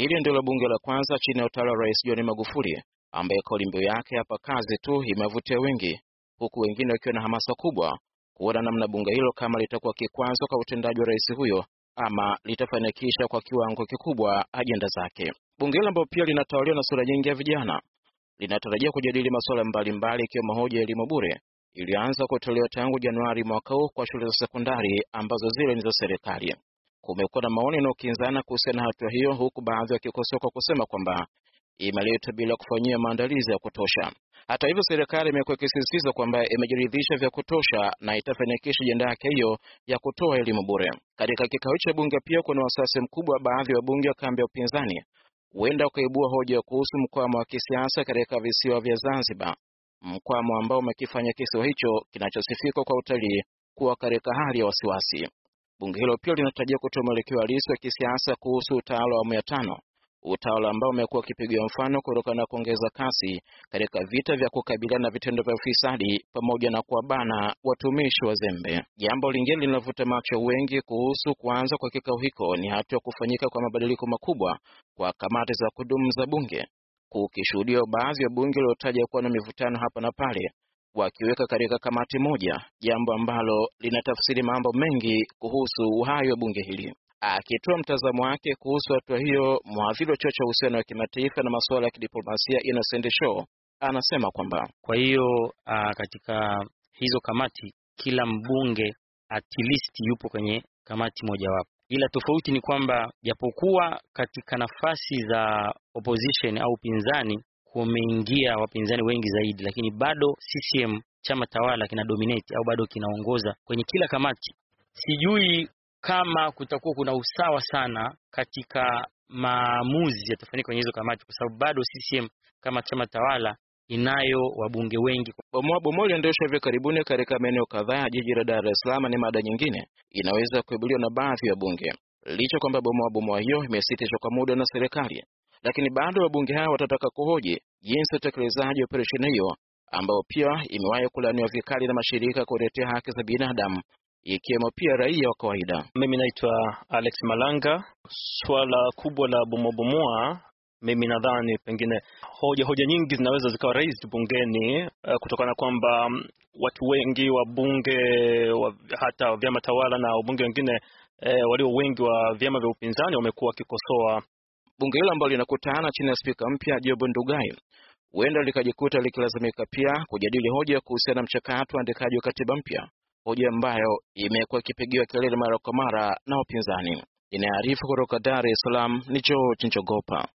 Hili ndilo bunge la kwanza chini ya utawala wa Rais John Magufuli ambaye kauli mbiu yake hapa kazi tu imewavutia wengi, huku wengine wakiwa na hamasa kubwa kuona namna bunge hilo kama litakuwa kikwazo kwa utendaji wa rais huyo ama litafanikisha kwa kiwango kikubwa ajenda zake. Bunge hilo ambalo pia linatawaliwa na sura nyingi ya vijana linatarajia kujadili masuala mbalimbali, ikiwemo hoja ya elimu bure iliyoanza kutolewa tangu Januari mwaka huu kwa shule za sekondari ambazo zile ni za serikali. Kumekuwa na maoni yanayokinzana kuhusiana na hatua hiyo, huku baadhi wakikosoa kwa kusema kwamba imeletwa bila kufanyia maandalizi ya kutosha. Hata hivyo, serikali imekuwa ikisisitiza kwamba imejiridhisha vya kutosha na itafanikisha ajenda yake hiyo ya kutoa elimu bure. Katika kikao cha bunge pia kuna wasiwasi mkubwa baadhi wa bunge wa kambi ya upinzani huenda ukaibua hoja kuhusu mkwamo wa kisiasa katika visiwa vya Zanzibar, mkwamo ambao umekifanya kisiwa hicho kinachosifika kwa utalii kuwa katika hali ya wasiwasi. Bunge hilo pia linatarajia kutoa mwelekeo halisi wa kisiasa kuhusu utawala wa awamu ya tano, utawala ambao umekuwa ukipigiwa mfano kutokana na kuongeza kasi katika vita vya kukabiliana na vitendo vya ufisadi pamoja na kuwabana watumishi wazembe. Jambo lingine linavuta macho wengi kuhusu kuanza kwa kikao hiko ni hatua ya kufanyika kwa mabadiliko makubwa kwa kamati za kudumu za bunge, kukishuhudia baadhi ya bunge waliotaja kuwa na mivutano hapa na pale wakiweka katika kamati moja, jambo ambalo linatafsiri mambo mengi kuhusu uhai wa bunge hili. Akitoa mtazamo wake kuhusu hatua hiyo, mwadhiri wa chuo cha uhusiano wa kimataifa na masuala ya kidiplomasia Innocent Show anasema kwamba kwa hiyo uh, katika hizo kamati kila mbunge at least yupo kwenye kamati mojawapo, ila tofauti ni kwamba japokuwa katika nafasi za opposition au pinzani kumeingia wapinzani wengi zaidi, lakini bado CCM chama tawala kina dominate au bado kinaongoza kwenye kila kamati. Sijui kama kutakuwa kuna usawa sana katika maamuzi yatafanyika kwenye hizo kamati, kwa sababu bado CCM kama chama tawala inayo wabunge wengi. Bomoa bomoa iliyoendeshwa hivi karibuni katika maeneo kadhaa ya jiji la Dar es Salaam ni mada nyingine inaweza kuibuliwa na baadhi ya bunge, licha kwamba bomoa bomoa hiyo imesitishwa kwa muda na serikali lakini bado wabunge hao watataka kuhoji jinsi utekelezaji wa operesheni hiyo ambayo pia imewahi kulaniwa vikali na mashirika kuletea haki za binadamu ikiwemo pia raia wa kawaida. Mimi naitwa Alex Malanga. Swala kubwa la bomobomoa, mimi nadhani pengine hoja hoja nyingi zinaweza zikawa rahisi bungeni, eh, kutokana kwamba mm, watu wengi wa bunge wa, hata vyama tawala na wabunge wengine e, walio wengi wa vyama vya upinzani wamekuwa wakikosoa Bunge hilo ambalo linakutana chini ya spika mpya Job Ndugai huenda likajikuta likilazimika pia kujadili hoja kuhusiana na mchakato wa andikaji wa katiba mpya, hoja ambayo imekuwa ikipigiwa kelele mara kwa mara na wapinzani. Inaarifu kutoka Dar es Salaam ni George Njogopa.